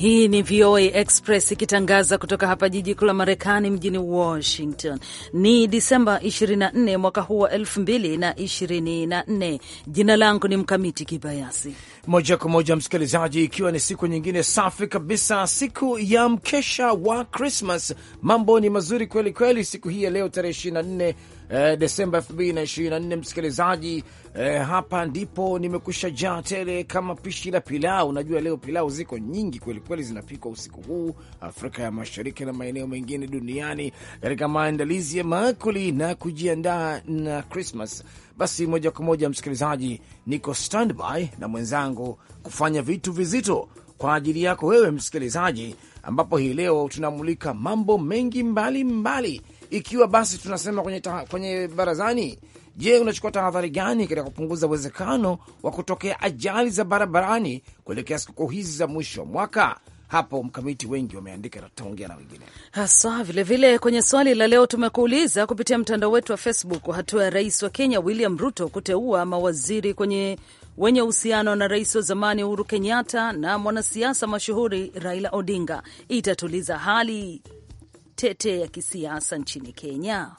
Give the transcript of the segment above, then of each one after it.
Hii ni VOA Express ikitangaza kutoka hapa jiji kuu la Marekani, mjini Washington. Ni Disemba 24 mwaka huu wa 2024. Jina langu ni Mkamiti Kibayasi. Moja kwa moja, msikilizaji, ikiwa ni siku nyingine safi kabisa, siku ya mkesha wa Krismas. Mambo ni mazuri kweli kweli siku hii ya leo tarehe 24 eh, Desemba 2024 msikilizaji, eh, hapa ndipo nimekusha jaa tele kama pishi la pilau. Unajua leo pilau ziko nyingi kwelikweli, zinapikwa usiku huu Afrika ya Mashariki na maeneo mengine duniani katika maandalizi ya maakuli na kujiandaa na Krismas. Basi moja kwa moja, msikilizaji, niko standby na mwenzangu kufanya vitu vizito kwa ajili yako wewe msikilizaji, ambapo hii leo tunamulika mambo mengi mbalimbali mbali. Ikiwa basi tunasema kwenye, ta, kwenye barazani, je, unachukua tahadhari gani katika kupunguza uwezekano wa kutokea ajali za barabarani kuelekea sikukuu hizi za mwisho wa mwaka? Hapo mkamiti wengi wameandika na tutaongea na wengine haswa. Vilevile kwenye swali la leo tumekuuliza kupitia mtandao wetu wa Facebook, hatua ya rais wa Kenya William Ruto kuteua mawaziri kwenye wenye uhusiano na rais wa zamani Uhuru Kenyatta na mwanasiasa mashuhuri Raila Odinga itatuliza hali tete ya kisiasa nchini Kenya?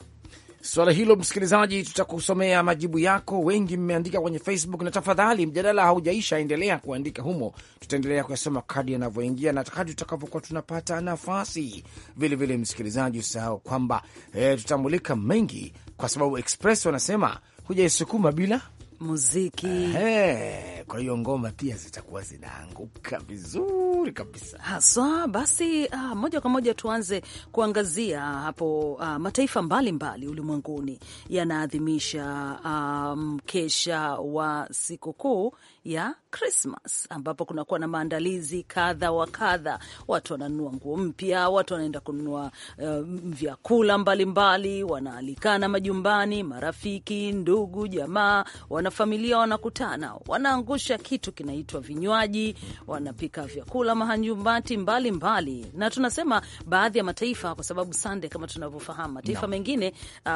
Swala hilo msikilizaji, tutakusomea majibu yako. Wengi mmeandika kwenye Facebook na tafadhali, mjadala haujaisha, endelea kuandika humo, tutaendelea kuyasoma kadi yanavyoingia na kadi tutakapokuwa tunapata nafasi. Vilevile msikilizaji, usahau kwamba e, tutamulika mengi, kwa sababu Express wanasema hujaisukuma bila muziki. He. Kwa hiyo ngoma pia zitakuwa zinaanguka vizuri kabisa haswa. So, basi uh, moja kwa moja tuanze kuangazia hapo uh, mataifa mbalimbali ulimwenguni yanaadhimisha ah, mkesha wa sikukuu ya Krismas ambapo kunakuwa na maandalizi kadha wa kadha. Watu wananunua nguo mpya, watu wanaenda kununua um, vyakula mbalimbali, wanaalikana majumbani, marafiki, ndugu, jamaa, wanafamilia wanakutana, wanaangusha wanarusha kitu kinaitwa vinywaji, wanapika vyakula mahanyumbati mbalimbali, na tunasema baadhi ya mataifa, kwa sababu Sande, kama tunavyofahamu mataifa no. mengine uh,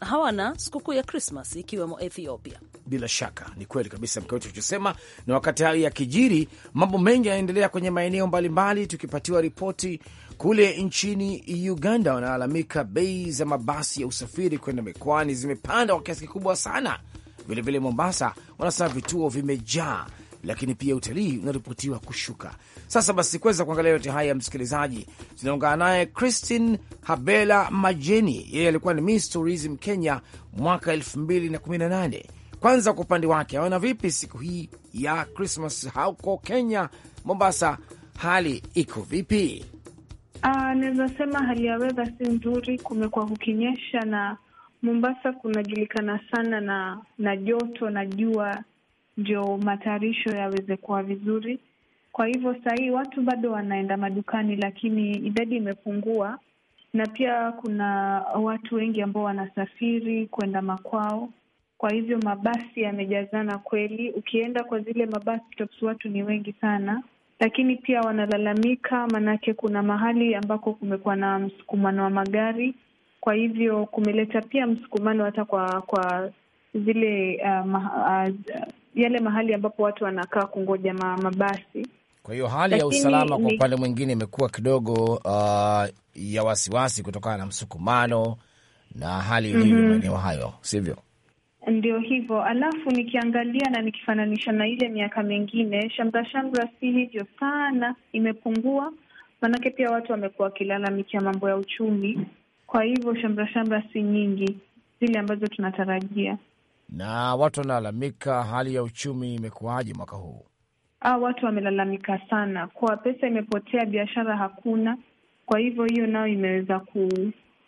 hawana sikukuu ya Krismas ikiwemo Ethiopia. Bila shaka ni kweli kabisa mkawiti uchosema, na wakati hayo ya kijiri, mambo mengi yanaendelea kwenye maeneo mbalimbali, tukipatiwa ripoti kule nchini Uganda wanalalamika bei za mabasi ya usafiri kwenda mikoani zimepanda kwa kiasi kikubwa sana. Vilevile Mombasa wanasema vituo vimejaa, lakini pia utalii unaripotiwa kushuka. Sasa basi, kuweza kuangalia yote haya, msikilizaji, tunaungana naye Christine Habela Majeni. Yeye alikuwa ni Miss Tourism Kenya mwaka 218 Kwanza kwa upande wake aona vipi siku hii ya Krismas huko Kenya, Mombasa, hali iko vipi? Ah, naweza sema hali ya wedha si nzuri, kumekuwa kukinyesha na Mombasa kunajulikana sana na na joto na jua, ndio matayarisho yaweze kuwa vizuri. Kwa hivyo sahii watu bado wanaenda madukani, lakini idadi imepungua, na pia kuna watu wengi ambao wanasafiri kwenda makwao. Kwa hivyo mabasi yamejazana kweli, ukienda kwa zile mabasi stops watu ni wengi sana, lakini pia wanalalamika, maanake kuna mahali ambako kumekuwa na msukumano wa magari kwa hivyo kumeleta pia msukumano hata kwa kwa zile uh, ma, uh, yale mahali ambapo watu wanakaa kungoja ma, mabasi. Kwa hiyo hali ya usalama kwa upande mwingine imekuwa kidogo uh, ya wasiwasi kutokana na msukumano na hali ilivyo mm -hmm. maeneo hayo, sivyo? Ndio hivyo. Alafu nikiangalia na nikifananisha na ile miaka mingine, shamra shamra si hivyo sana, imepungua. Maanake pia watu wamekuwa wakilalamikia mambo ya uchumi kwa hivyo shamra shamra si nyingi zile ambazo tunatarajia. Na watu wanalalamika, hali ya uchumi imekuwaje mwaka huu? Ah, watu wamelalamika sana, kwa pesa imepotea, biashara hakuna. Kwa hivyo hiyo nayo imeweza ku,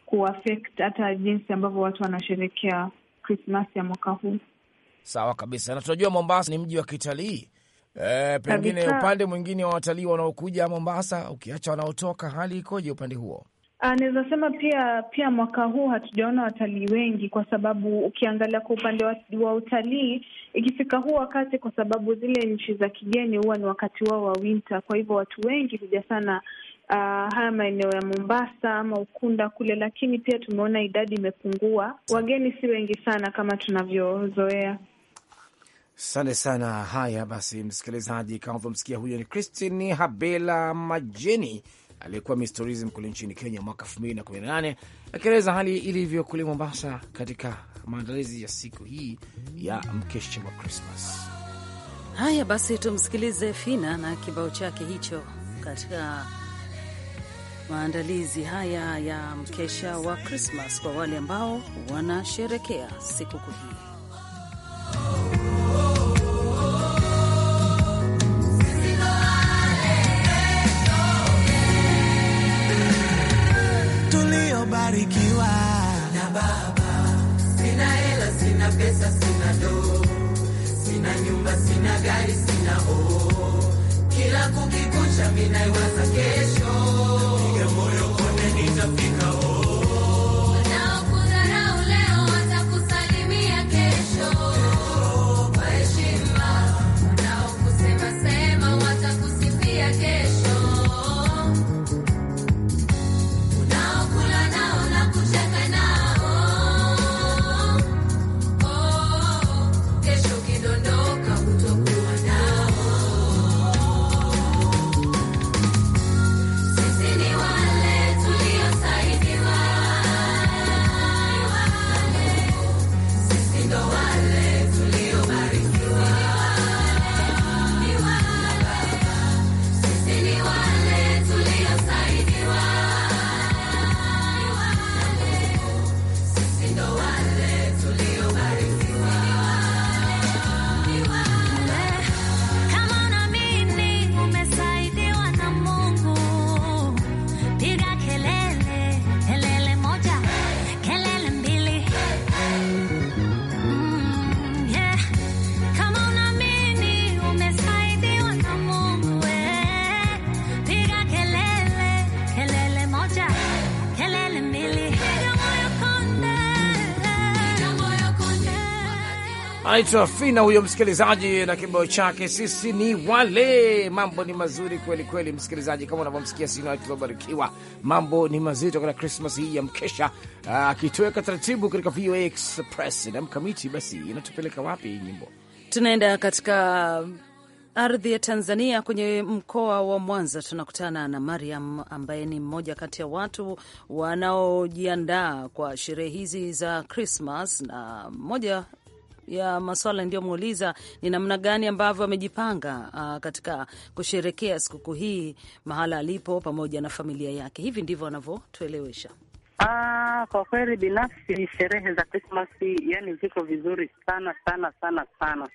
kuaffect hata jinsi ambavyo watu wanasherekea Krismasi ya mwaka huu. Sawa kabisa, na tunajua Mombasa ni mji wa kitalii e, pengine upande mwingine wa watalii wanaokuja Mombasa ukiacha wanaotoka, hali ikoje upande huo? Ah, naweza sema pia pia mwaka huu hatujaona watalii wengi, kwa sababu ukiangalia kwa upande wa, wa utalii ikifika huu wakati, kwa sababu zile nchi za kigeni huwa ni wakati wao wa winter, kwa hivyo watu wengi huja sana uh, haya maeneo ya Mombasa ama Ukunda kule, lakini pia tumeona idadi imepungua, wageni si wengi sana kama tunavyozoea. Asante sana. Haya basi, msikilizaji, kama vyomsikia, huyo ni Christine Habela Majeni aliyekuwa Miss Tourism kule nchini Kenya mwaka 218 akieleza hali ilivyo kule Mombasa katika maandalizi ya siku hii ya mkesha wa Krismas. Haya basi, tumsikilize Fina na kibao chake hicho katika maandalizi haya ya mkesha wa Krismas kwa wale ambao wanasherekea sikukuu hii. nimebarikiwa na Baba. Sina hela, sina pesa, sina do, sina nyumba, sina gari, sina o, kila kukikucha minaiwaza kesho, piga moyo one nitafika anaitwa Fina huyo msikilizaji, na kibao chake sisi ni wale. Mambo ni mazuri kweli kweli, msikilizaji, kama unavyomsikia Sina tulobarikiwa, mambo ni mazito na Krismas hii ya mkesha, ah, akitoweka taratibu katika VOA Express na Mkamiti. Basi inatupeleka wapi hii nyimbo? Tunaenda katika um, ardhi ya Tanzania kwenye mkoa wa Mwanza, tunakutana na Mariam ambaye ni mmoja kati ya watu wanaojiandaa kwa sherehe hizi za Krismas na mmoja ya maswala ndiyomuuliza ni namna gani ambavyo amejipanga uh, katika kusherekea sikukuu hii mahala alipo pamoja na familia yake. Hivi ndivyo anavyotuelewesha. Ah, kwa kweli binafsi sherehe za Krismasi yani ziko vizuri sana sana sana sana.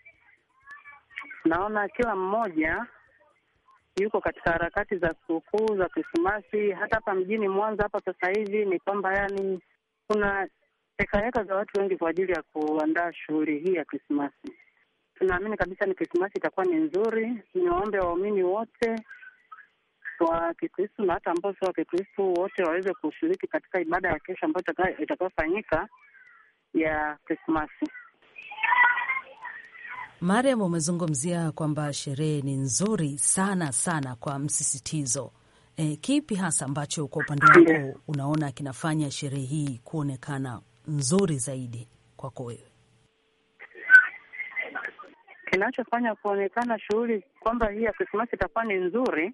Naona kila mmoja yuko katika harakati za sikukuu za Krismasi. Hata hapa mjini Mwanza hapa sasa hivi ni kwamba yani kuna hekaheka za watu wengi kwa ajili ya kuandaa shughuli hii ya Krismasi. Tunaamini kabisa ni Krismasi itakuwa ni nzuri. Niwaombe waumini wote wa Kikristu na hata ambao sio wa Kikristu wote waweze kushiriki katika ibada ya kesho ambayo itakayofanyika ya Krismasi. Mariam, umezungumzia kwamba sherehe ni nzuri sana sana kwa msisitizo. E, kipi hasa ambacho kwa upande wako unaona kinafanya sherehe hii kuonekana nzuri zaidi kwako wewe? Kinachofanya kuonekana shughuli kwamba hii ya Krismasi itakuwa ni nzuri,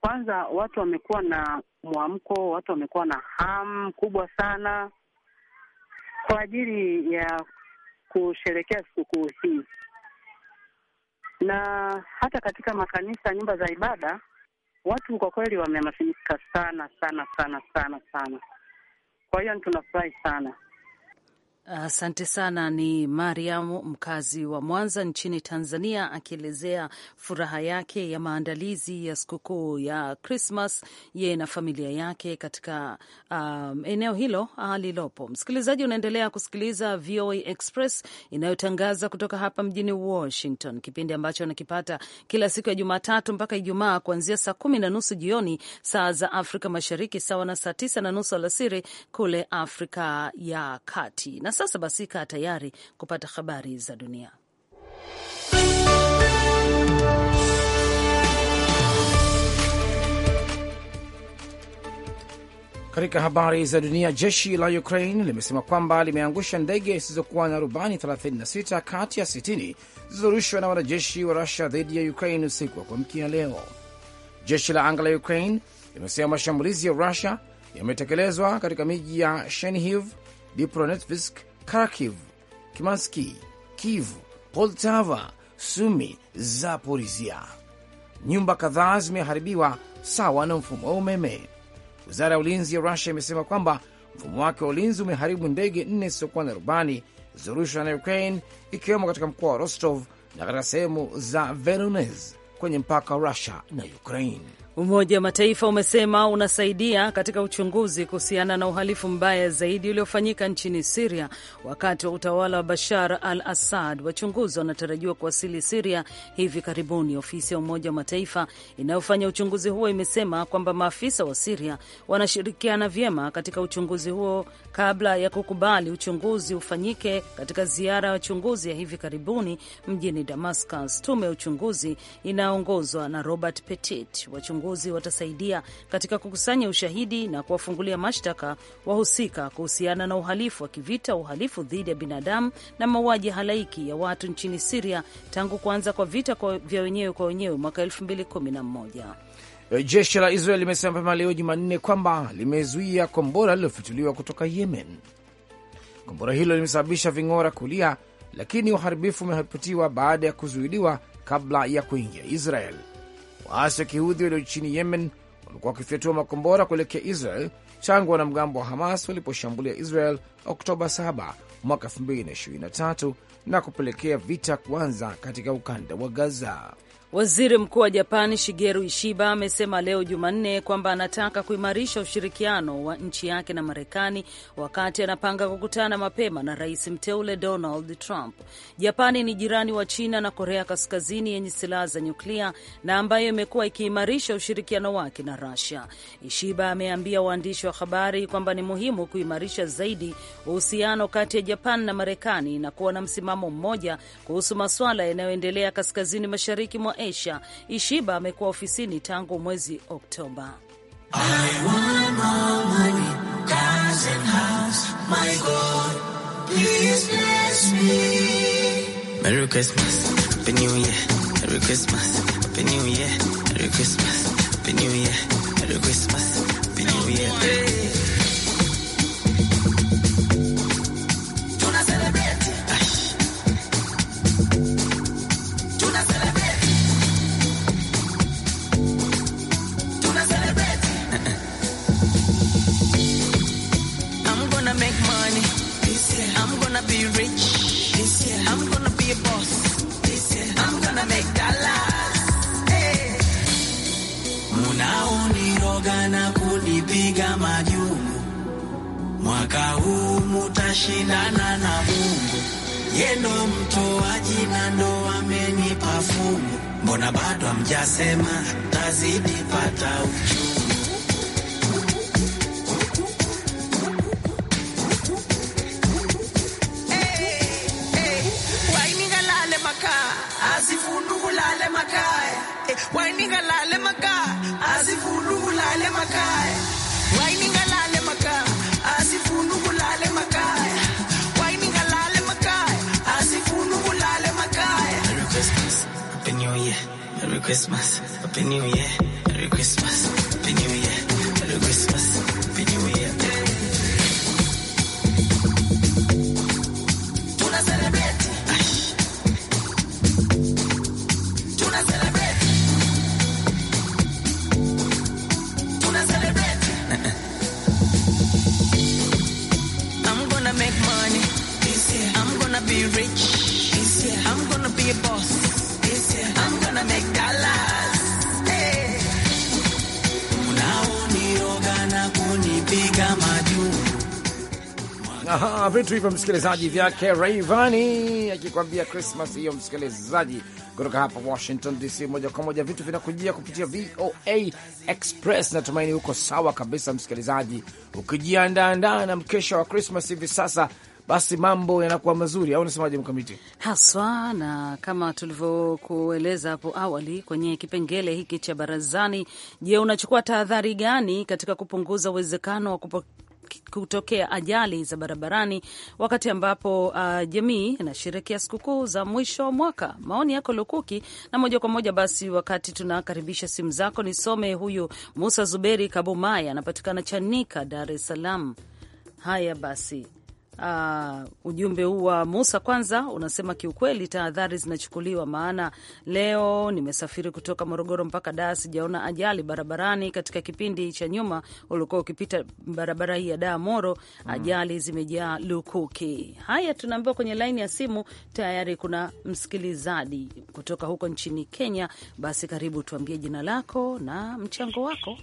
kwanza watu wamekuwa na mwamko, watu wamekuwa na hamu kubwa sana kwa ajili ya kusherekea sikukuu hii, na hata katika makanisa, nyumba za ibada, watu kwa kweli wamehamasika sana sana sana sana sana. Kwa hiyo tunafurahi sana. Asante sana. Ni Mariam, mkazi wa Mwanza nchini Tanzania, akielezea furaha yake ya maandalizi ya sikukuu ya Krismas yeye na familia yake katika um, eneo hilo alilopo. Msikilizaji, unaendelea kusikiliza VOA Express inayotangaza kutoka hapa mjini Washington, kipindi ambacho anakipata kila siku ya Jumatatu mpaka Ijumaa kuanzia saa kumi na nusu jioni saa za Afrika Mashariki, sawa na saa tisa na nusu alasiri kule Afrika ya Kati na sasa basi, kaa tayari kupata habari za dunia. Katika habari za dunia, jeshi la Ukraine limesema kwamba limeangusha ndege zisizokuwa na rubani 36 kati ya 60 zilizorushwa na wanajeshi wa Rusia dhidi ya Ukraine usiku wa kuamkia leo. Jeshi la anga la Ukraine limesema mashambulizi ya Rusia yametekelezwa katika miji ya Shenhiv, Dipronetvisk, Kharkiv, Kimaski, Kiev, Poltava, Sumi, zaporizia Nyumba kadhaa zimeharibiwa sawa na mfumo wa umeme. Wizara ya ulinzi ya Rusia imesema kwamba mfumo wake wa ulinzi umeharibu ndege nne zisizokuwa na rubani zilizorushwa na Ukraine, ikiwemo katika mkoa wa Rostov na katika sehemu za Voronezh kwenye mpaka wa Rusia na Ukraine. Umoja wa Mataifa umesema unasaidia katika uchunguzi kuhusiana na uhalifu mbaya zaidi uliofanyika nchini Siria wakati wa utawala wa Bashar al Assad. Wachunguzi wanatarajiwa kuwasili Siria hivi karibuni. Ofisi ya Umoja wa Mataifa inayofanya uchunguzi huo imesema kwamba maafisa wa Siria wanashirikiana vyema katika uchunguzi huo kabla ya kukubali uchunguzi ufanyike katika ziara ya wachunguzi ya hivi karibuni mjini Damascus. Tume ya uchunguzi inayoongozwa na Robert Petit, wachunguzi watasaidia katika kukusanya ushahidi na kuwafungulia mashtaka wahusika kuhusiana na uhalifu wa kivita, uhalifu dhidi ya binadamu na mauaji halaiki ya watu nchini Siria tangu kuanza kwa vita kwa vya wenyewe kwa wenyewe mwaka 211 Eh, jeshi la Israel limesema mapema leo Jumanne kwamba limezuia kombora lililofutuliwa kutoka Yemen. Kombora hilo limesababisha ving'ora kulia, lakini uharibifu umeripotiwa baada ya kuzuiliwa kabla ya kuingia Israel. Waasi wa kihudhi walio nchini Yemen wamekuwa wakifyatua makombora kuelekea Israel tangu wanamgambo wa Hamas waliposhambulia Israel Oktoba 7 mwaka 2023 na kupelekea vita kuanza katika ukanda wa Gaza. Waziri Mkuu wa Japani Shigeru Ishiba amesema leo Jumanne kwamba anataka kuimarisha ushirikiano wa nchi yake na Marekani wakati anapanga kukutana mapema na rais mteule Donald Trump. Japani ni jirani wa China na Korea Kaskazini yenye silaha za nyuklia na ambayo imekuwa ikiimarisha ushirikiano wake na Rusia. Ishiba ameambia waandishi wa habari kwamba ni muhimu kuimarisha zaidi uhusiano kati ya Japan na Marekani na kuwa na msimamo mmoja kuhusu masuala yanayoendelea kaskazini mashariki mwa Asia. Ishiba amekuwa ofisini tangu mwezi Oktoba. Munaoniroga na kunipiga majungu, mwaka huu mutashindana na Mungu. Yendo mtoaji na ndo amenipa fungu, mbona bado amjasema tazidi pata uchungu asifunu eh, Merry Christmas, Happy New Year Merry Christmas, Happy New Year Merry Christmas yetu hivyo, msikilizaji, vyake Rayvanny akikwambia Christmas hiyo, msikilizaji, kutoka hapa Washington DC, moja kwa moja vitu vinakujia kupitia VOA Express. Natumaini huko sawa kabisa, msikilizaji, ukijiandaandaa na mkesha wa Christmas hivi sasa basi mambo yanakuwa mazuri, au unasemaje Mkamiti? Haswa, na kama tulivyokueleza hapo awali kwenye kipengele hiki cha barazani, je, unachukua tahadhari gani katika kupunguza uwezekano wa kutokea ajali za barabarani, wakati ambapo uh, jamii inasherekea sikukuu za mwisho wa mwaka. Maoni yako lukuki, na moja kwa moja basi, wakati tunakaribisha simu zako, nisome huyu Musa Zuberi Kabumaya, anapatikana Chanika, Dar es Salaam. Haya basi Uh, ujumbe huu wa Musa kwanza unasema kiukweli, tahadhari zinachukuliwa, maana leo nimesafiri kutoka Morogoro mpaka Dar, sijaona ajali barabarani. Katika kipindi cha nyuma ulikuwa ukipita barabara hii ya Dar Moro, mm. ajali zimejaa lukuki. Haya, tunaambiwa kwenye laini ya simu tayari kuna msikilizaji kutoka huko nchini Kenya. Basi karibu, tuambie jina lako na mchango wako.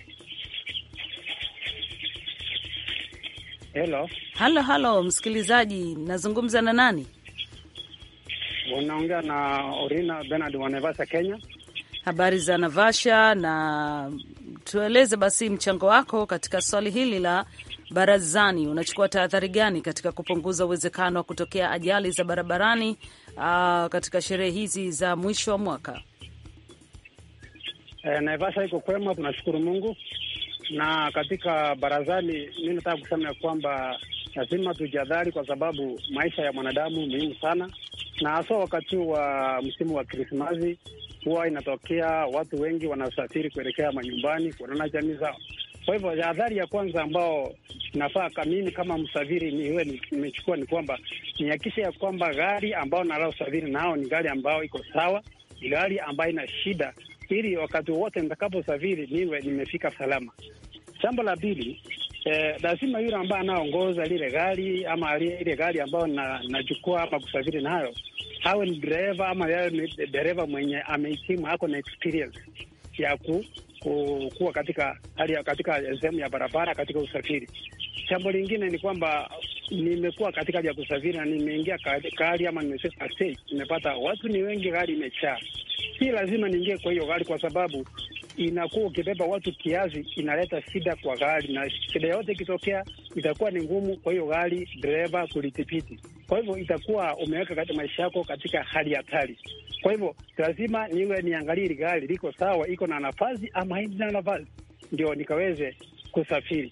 Hello. halo, halo msikilizaji, nazungumza na nani? Unaongea na Orina Bernard wa Naivasha, Kenya. Habari za Naivasha, na tueleze basi mchango wako katika swali hili la barazani. Unachukua tahadhari gani katika kupunguza uwezekano wa kutokea ajali za barabarani uh, katika sherehe hizi za mwisho wa mwaka? E, Naivasha iko kwema, tunashukuru Mungu na katika barazani, mi nataka kusema ya kwamba lazima tujadhari, kwa sababu maisha ya mwanadamu muhimu sana, na haswa wakati wa msimu wa Krismasi huwa inatokea watu wengi wanasafiri kuelekea manyumbani kuonana jamii zao. Kwa hivyo adhari ya kwanza ambao nafaa kamini kama msafiri niwe nimechukua ni kwamba nihakikishe ya kwamba gari ambao nalao usafiri nao ni gari ambayo iko sawa, gari ambayo ina shida ili wakati wote nitakaposafiri niwe nimefika salama. Jambo la pili, eh, lazima yule ambaye anaongoza lile gari ama ile gari ambayo nachukua na ama kusafiri nayo awe ni dereva ama yawe ni dereva mwenye amehitimu, ako na experience ya ku, ku, kuwa katika hali katika sehemu ya barabara katika usafiri. Jambo lingine ni kwamba nimekuwa katika ya kusafiri na nimeingia gari ama nimefika stage, nimepata watu ni wengi, gari imechaa. Si lazima niingie kwa hiyo gari, kwa sababu inakuwa ukibeba watu kiasi inaleta shida kwa gari, na shida yote ikitokea itakuwa ni ngumu kwa hiyo gari dereva kulitipiti. Kwa hivyo itakuwa umeweka katika maisha yako katika hali hatari. Kwa hivyo lazima niwe niangalie hili gari liko sawa, iko na nafasi ama haina nafasi, ndio nikaweze kusafiri.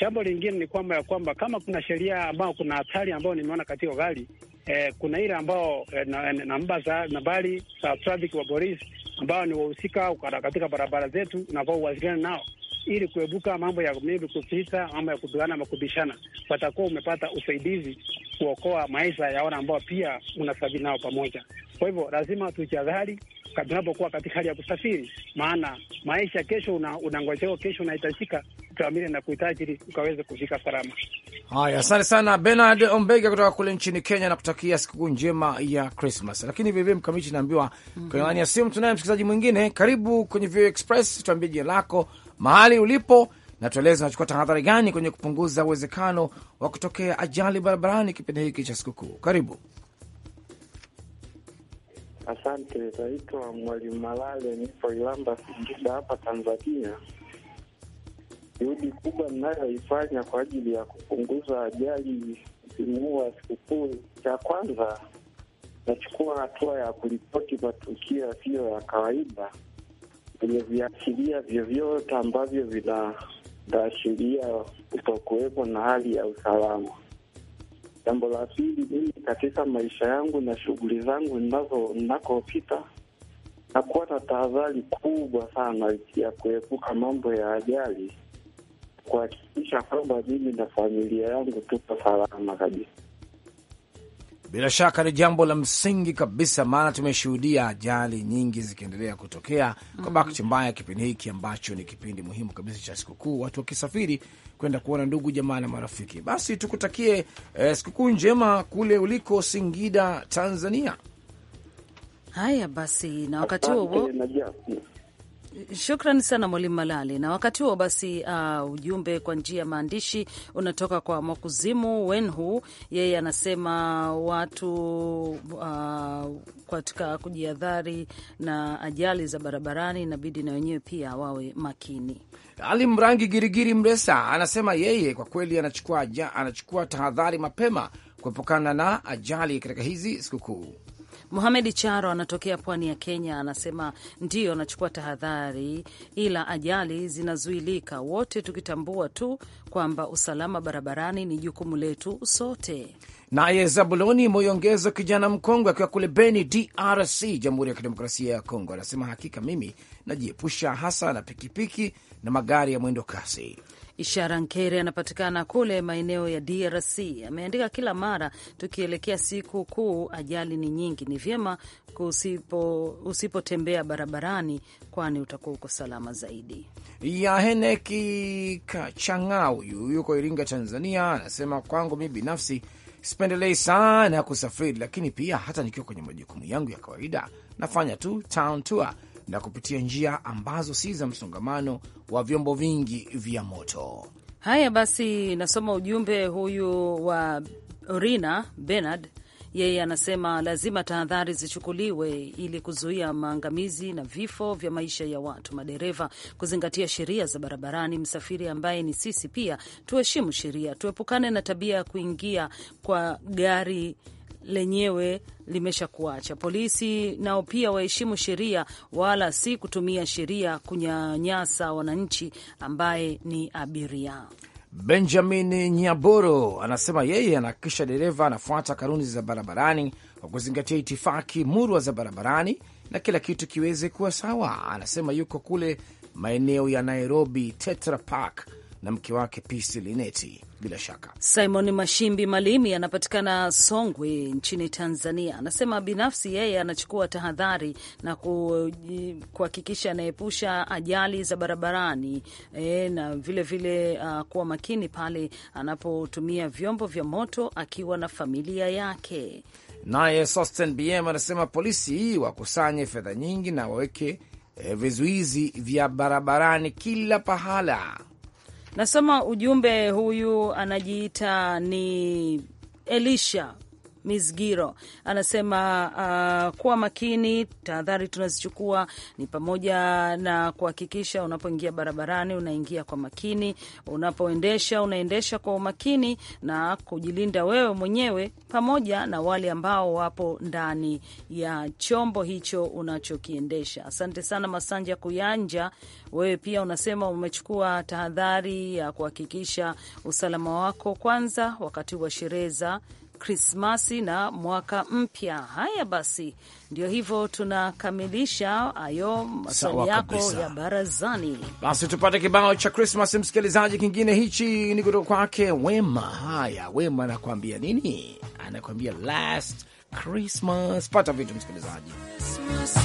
Jambo lingine ni kwamba ya kwamba kama kuna sheria ambayo kuna hatari ambayo nimeona katika gari eh, kuna ile ambao eh, namba na nambari za traffic wa polisi ambao ni wahusika katika barabara zetu, unafaa uwasiliane nao ili kuepuka mambo ya mimi kupita, mambo ya kupigana ama kubishana. Watakuwa umepata usaidizi kuokoa maisha ya wale ambao pia unasafiri nao pamoja. Kwa hivyo lazima tujihadhari tunapokuwa katika hali ya kusafiri, maana maisha kesho unangojewa, una kesho unahitajika kutamini na kuitajiri ukaweze kufika salama. Haya, asante sana Bernard Ombega kutoka kule nchini Kenya na kutakia sikukuu njema ya Christmas. Lakini vilevile mkamiti naambiwa mm -hmm. kwenye laini ya simu tunaye msikilizaji mwingine. Karibu kwenye Vio Express, tuambie jina lako, mahali ulipo na tueleze unachukua tahadhari gani kwenye kupunguza uwezekano wa kutokea ajali barabarani kipindi hiki cha sikukuu. Karibu. Asante, naitwa Mwalimu Malale, nipo Ilamba, Singida hapa Tanzania juhudi kubwa ninayoifanya kwa ajili ya kupunguza ajali msimu huu wa sikukuu, cha kwanza nachukua hatua ya kuripoti matukio yasiyo ya kawaida kwenye viashiria vyovyote ambavyo vinaashiria kutokuwepo na hali ya usalama. Jambo la pili, mimi katika maisha yangu na shughuli zangu ninazo ninakopita, nakuwa na tahadhari kubwa sana ya kuepuka mambo ya ajali kuhakikisha kwamba mimi na familia yangu tupo salama kabisa. Bila shaka ni jambo la msingi kabisa, maana tumeshuhudia ajali nyingi zikiendelea kutokea mm -hmm. bahati mbaya kipindi hiki ambacho ni kipindi muhimu kabisa cha sikukuu, watu wakisafiri kwenda kuona ndugu jamaa na marafiki. Basi tukutakie eh, sikukuu njema kule uliko Singida, Tanzania. Haya basi, na wakati huo Shukran sana Mwalimu Malali. Na wakati huo basi, uh, ujumbe kwa njia ya maandishi unatoka kwa Mwakuzimu Wenhu. Yeye anasema watu uh, katika kujihadhari na ajali za barabarani inabidi na wenyewe pia wawe makini. Ali Mrangi Girigiri Mresa anasema yeye kwa kweli anachukua, anachukua tahadhari mapema kuepukana na ajali katika hizi sikukuu muhamedi Charo anatokea pwani ya Kenya, anasema ndiyo, anachukua tahadhari, ila ajali zinazuilika, wote tukitambua tu kwamba usalama barabarani ni jukumu letu sote. Naye Zabuloni Moyongezo, kijana mkongwe akiwa kule Beni, DRC, Jamhuri ya Kidemokrasia ya Kongo, anasema hakika mimi najiepusha hasa na pikipiki na magari ya mwendo kasi. Ishara Nkere anapatikana kule maeneo ya DRC. Ameandika kila mara tukielekea siku kuu, ajali ni nyingi, ni vyema usipo usipotembea barabarani, kwani utakuwa uko salama zaidi. ya Heneki Kachanga huyu yuko Iringa, Tanzania, anasema kwangu mi binafsi sipendelei sana kusafiri, lakini pia hata nikiwa kwenye majukumu yangu ya kawaida nafanya tu town tour na kupitia njia ambazo si za msongamano wa vyombo vingi vya moto. Haya basi, nasoma ujumbe huyu wa Rina Bernard. Yeye anasema lazima tahadhari zichukuliwe ili kuzuia maangamizi na vifo vya maisha ya watu. Madereva kuzingatia sheria za barabarani, msafiri ambaye ni sisi pia tuheshimu sheria, tuepukane na tabia ya kuingia kwa gari lenyewe limeshakuacha. Polisi nao pia waheshimu sheria, wala si kutumia sheria kunyanyasa wananchi ambaye ni abiria. Benjamin Nyaboro anasema yeye anahakikisha dereva anafuata kanuni za barabarani kwa kuzingatia itifaki murwa za barabarani na kila kitu kiweze kuwa sawa. Anasema yuko kule maeneo ya Nairobi, Tetra Park na mke wake Pisi Lineti. Bila shaka Simon Mashimbi Malimi anapatikana Songwe nchini Tanzania, anasema binafsi yeye anachukua tahadhari na kuhakikisha anaepusha ajali za barabarani e, na vilevile vile, uh, kuwa makini pale anapotumia vyombo vya moto akiwa na familia yake. Naye Sosten BM anasema polisi wakusanye fedha nyingi na waweke Eh, vizuizi vya barabarani kila pahala. Nasoma ujumbe huyu, anajiita ni Elisha Mizgiro anasema uh, kuwa makini, tahadhari tunazichukua ni pamoja na kuhakikisha unapoingia barabarani unaingia kwa makini, unapoendesha unaendesha kwa umakini na kujilinda wewe mwenyewe pamoja na wale ambao wapo ndani ya chombo hicho unachokiendesha. Asante sana Masanja Kuyanja, wewe pia unasema umechukua tahadhari ya kuhakikisha usalama wako kwanza wakati wa sherehe za Krismasi na mwaka mpya. Haya basi, ndio hivyo tunakamilisha hayo maswali yako kabisa ya barazani. Basi tupate kibao cha krismas msikilizaji. Kingine hichi ni kutoka kwake Wema. Haya, Wema anakuambia nini? Anakuambia last Christmas. Pata vitu msikilizaji Christmas.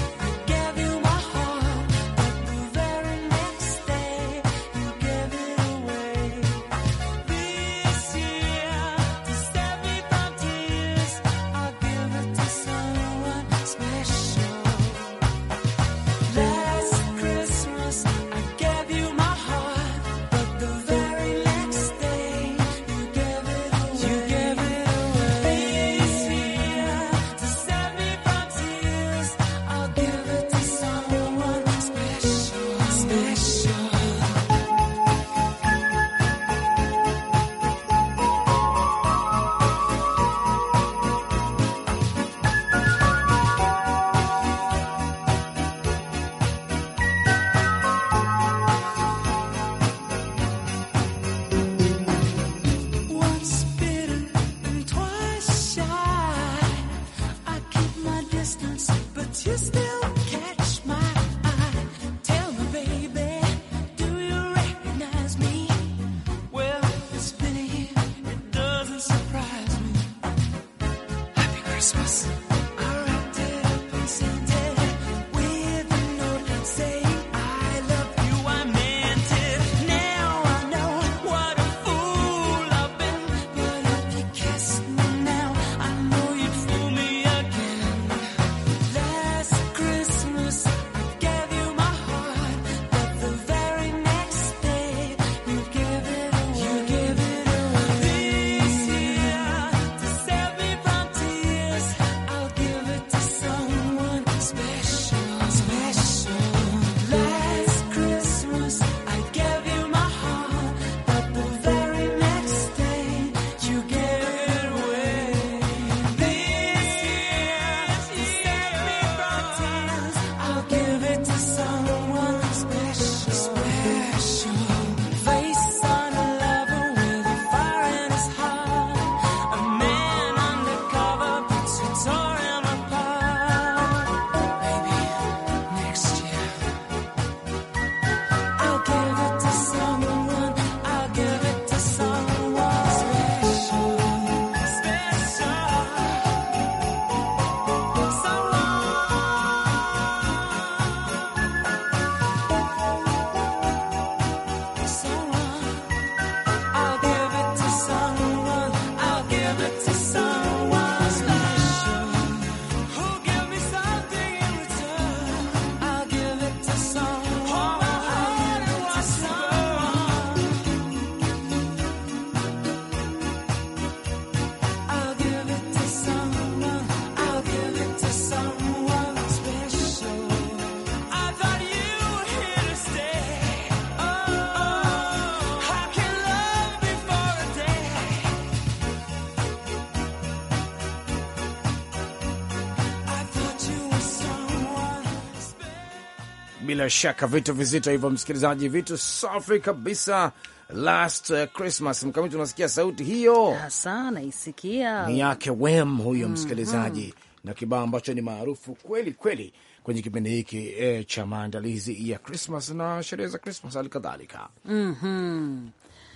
bila shaka vitu vizito hivyo, msikilizaji, vitu safi kabisa. Last uh, Christmas mkamiti, unasikia sauti hiyo ah, sana, isikia ni yake Wem huyo, mm-hmm. msikilizaji mm -hmm. na kibao ambacho ni maarufu kweli kweli kwenye kipindi hiki e, cha maandalizi ya Christmas na sherehe za Christmas hali kadhalika mm -hmm.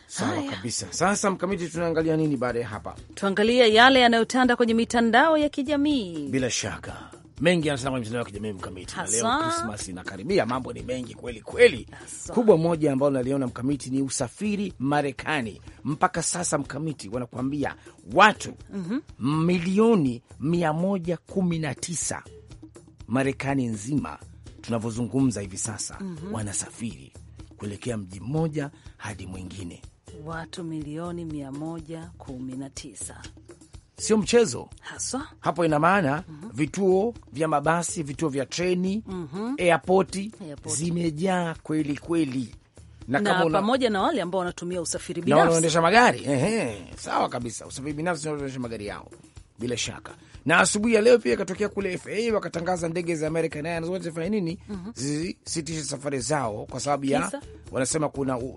Sawa kabisa. Sasa Mkamiti, tunaangalia nini baada ya hapa? Tuangalie yale yanayotanda kwenye mitandao ya kijamii, bila shaka mengi yanasema kwenye mitandao ya kijamii mkamiti, na leo Krismas inakaribia, mambo ni mengi kweli kweli. Kubwa moja ambayo naliona mkamiti ni usafiri Marekani. Mpaka sasa mkamiti, wanakuambia watu mm -hmm. milioni 119 Marekani nzima tunavyozungumza hivi sasa mm -hmm. wanasafiri kuelekea mji mmoja hadi mwingine, watu milioni 119 sio mchezo haswa. Hapo ina maana mm -hmm. vituo vya mabasi, vituo vya treni mm -hmm. airpoti zimejaa kweli kweli na, na una... pamoja na wale ambao wanatumia usafiri binafsi na wanaendesha magari ehe, sawa kabisa, usafiri binafsi wanaendesha magari yao bila shaka. Na asubuhi ya leo pia ikatokea kule FA wakatangaza ndege za Amerika naye anazoa zifanya nini? mm -hmm. zisitishe safari zao kwa sababu ya wanasema kuna uh,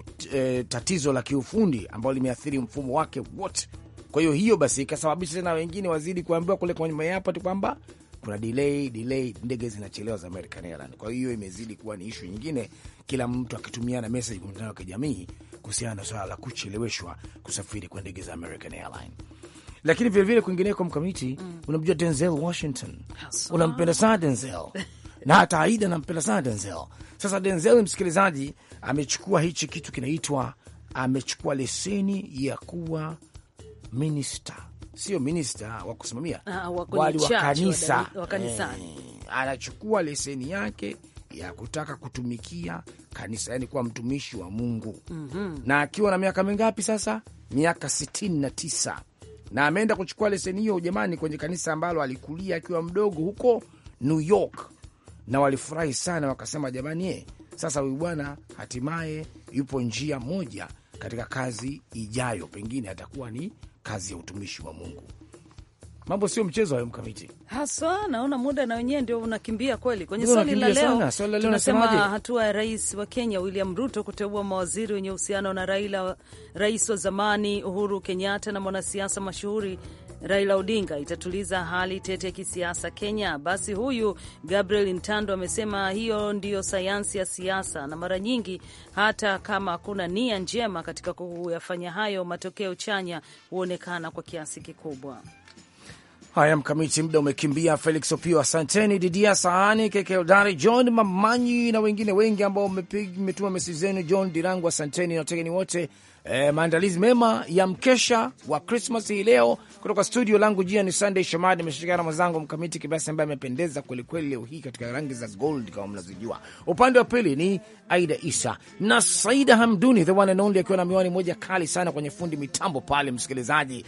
tatizo la kiufundi ambalo limeathiri mfumo wake wote kwa hiyo hiyo basi ikasababisha tena wengine wazidi kuambiwa kule kwenye tu kwamba kuna delay delay, ndege zinachelewa za American Airlines. Kwa hiyo imezidi kuwa ni ishu nyingine, kila mtu akitumia na message kwenye mtandao wa kijamii kuhusiana na swala la kucheleweshwa kusafiri kwa ndege za American Airlines. Lakini vilevile kwingineko, mkamiti mm, unamjua Denzel Washington, so, unampenda sana Denzel na hata Aida anampenda sana Denzel. Sasa Denzel, msikilizaji, amechukua hichi kitu kinaitwa, amechukua leseni ya kuwa minista sio minista wa kusimamia bali ah, wa kanisa eh, anachukua leseni yake ya kutaka kutumikia kanisa, yani kuwa mtumishi wa Mungu mm -hmm. na akiwa na miaka mingapi sasa? Miaka sitini na tisa na ameenda kuchukua leseni hiyo, jamani, kwenye kanisa ambalo alikulia akiwa mdogo huko New York, na walifurahi sana, wakasema jamani, e, sasa huyu bwana hatimaye yupo njia moja katika kazi ijayo, pengine atakuwa ni kazi ya utumishi wa Mungu. Mambo sio mchezo hayo, Mkamiti haswa. Naona muda na wenyewe ndio unakimbia kweli. Kwenye swali la leo tunasema hatua ya rais wa Kenya William Ruto kuteua mawaziri wenye uhusiano na Raila, rais wa zamani Uhuru Kenyatta na mwanasiasa mashuhuri Raila Odinga itatuliza hali tete ya kisiasa Kenya. Basi huyu Gabriel ntando amesema hiyo ndiyo sayansi ya siasa, na mara nyingi hata kama hakuna nia njema katika kuyafanya hayo, matokeo chanya huonekana kwa kiasi kikubwa. Haya, Mkamiti, muda umekimbia. Felix Opio, asanteni. Didia Sahani, Kekeodari, John Mamanyi na wengine wengi ambao mmetuma mesi zenu. John Dirangu, asanteni na wategeni wote eh, maandalizi mema ya mkesha wa Krismas hii leo. Kutoka studio langu jina ni Sunday Shomari, nimeshirikiana na mwenzangu Mkamiti Kibasi ambaye amependeza kwelikweli leo hii katika rangi za gold kama mnazojua. Upande wa pili ni Aida Isa na Saida Hamduni, the one and only, akiwa na miwani moja kali sana kwenye fundi mitambo pale. Msikilizaji,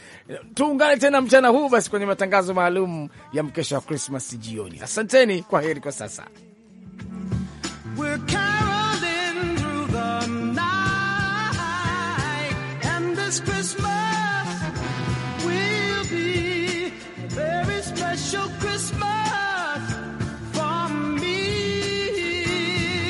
tuungane tena mchana huu basi kwenye matangazo maalum ya mkesha wa Krismas jioni. Asanteni, kwa heri kwa sasa. this Christmas will be a very special Christmas.